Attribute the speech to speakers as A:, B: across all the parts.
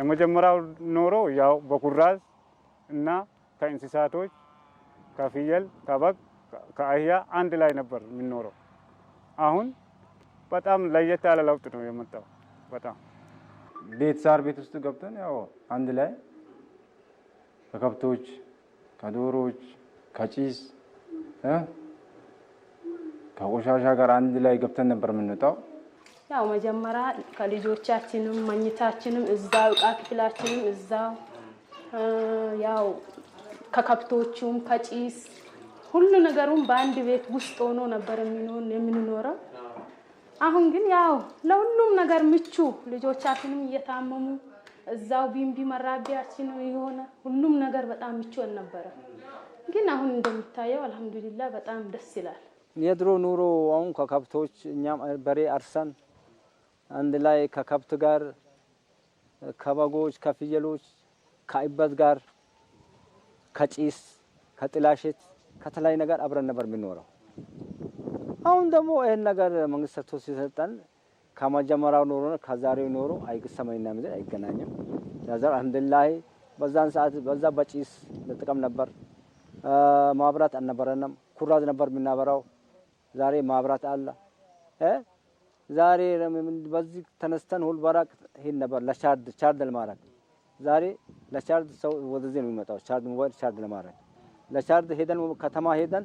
A: የመጀመሪያው ኖሮ ያው በኩራዝ እና ከእንስሳቶች ከፍየል፣ ከበግ፣ ከአህያ አንድ ላይ ነበር የሚኖረው። አሁን በጣም ለየት ያለ ለውጥ ነው የመጣው። በጣም
B: ቤት ሳር ቤት ውስጥ ገብተን ያው አንድ ላይ ከከብቶች፣ ከዶሮች፣ ከጭስ፣ ከቆሻሻ ጋር አንድ ላይ ገብተን ነበር የምንወጣው።
C: ያው መጀመሪያ ከልጆቻችንም መኝታችንም እዛው እቃ ክፍላችንም እዛው ያው ከከብቶቹም ከጪስ ሁሉ ነገሩም በአንድ ቤት ውስጥ ሆኖ ነበር የምንኖረው። አሁን ግን ያው ለሁሉም ነገር ምቹ ልጆቻችንም እየታመሙ እዛው ቢምቢ መራቢያችን የሆነ ሁሉም ነገር በጣም ምቹ ነበረ። ግን አሁን እንደሚታየው አልሐምዱሊላ በጣም ደስ ይላል።
B: የድሮ ኑሮ አሁን ከከብቶች እኛም በሬ አርሰን አንድ ላይ ከከብት ጋር ከበጎች፣ ከፍየሎች፣ ከአይበት ጋር ከጭስ፣ ከጥላሸት፣ ከተለያዩ ነገር አብረን ነበር የሚኖረው። አሁን ደግሞ ይህን ነገር መንግስት ሰርቶ ሲሰጠን ከመጀመሪያው ኖሮ ከዛሬው ኖሮ አይሰማኝና ምድር አይገናኝም። አንድ ላይ በዛን ሰዓት በዛ በጭስ ልጥቀም ነበር። ማብራት አልነበረንም። ኩራዝ ነበር የምናበራው። ዛሬ ማብራት አለ። ዛሬ በዚህ ተነስተን ሁልባራቅ ሄድ ነበር ለቻርድ ቻርድ ለማድረግ ዛሬ ለቻርድ ሰው ወደዚህ ነው የሚመጣው። ቻርድ ሞባይል ቻርድ ለማድረግ ለቻርድ ሄደን ከተማ ሄደን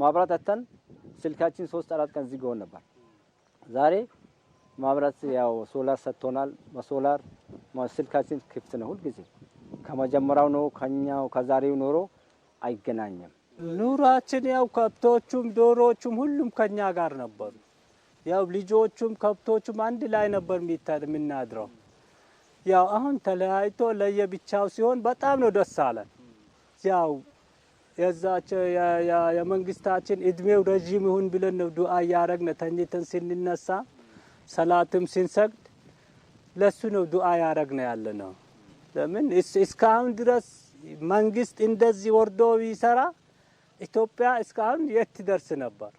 B: ማብራት አተን ስልካችን ሶስት አራት ቀን ዝግ ሆኖ ነበር። ዛሬ ማብራት ያው ሶላር ሰጥቶናል። በሶላር ስልካችን ክፍት ነው ሁልጊዜ። ከመጀመሪያው ነው ከኛው ከዛሬው ኖሮ አይገናኝም።
D: ኑራችን ያው ከብቶቹም ዶሮዎቹም ሁሉም ከኛ ጋር ነበሩ። ያው ልጆቹም ከብቶቹም አንድ ላይ ነበር የምናድረው። ያው አሁን ተለያይቶ ለየብቻው ሲሆን በጣም ነው ደስ አለን። ያው የዛቸው የመንግስታችን እድሜው ረዥም ይሁን ብለን ነው ዱአ እያረግን ተኝተን ስንነሳ ሰላትም ስንሰግድ ለሱ ነው ዱአ ያረግነ ያለ ነው። ለምን እስካሁን ድረስ መንግስት እንደዚህ ወርዶ ቢሰራ ኢትዮጵያ እስካሁን የት ትደርስ ነበር?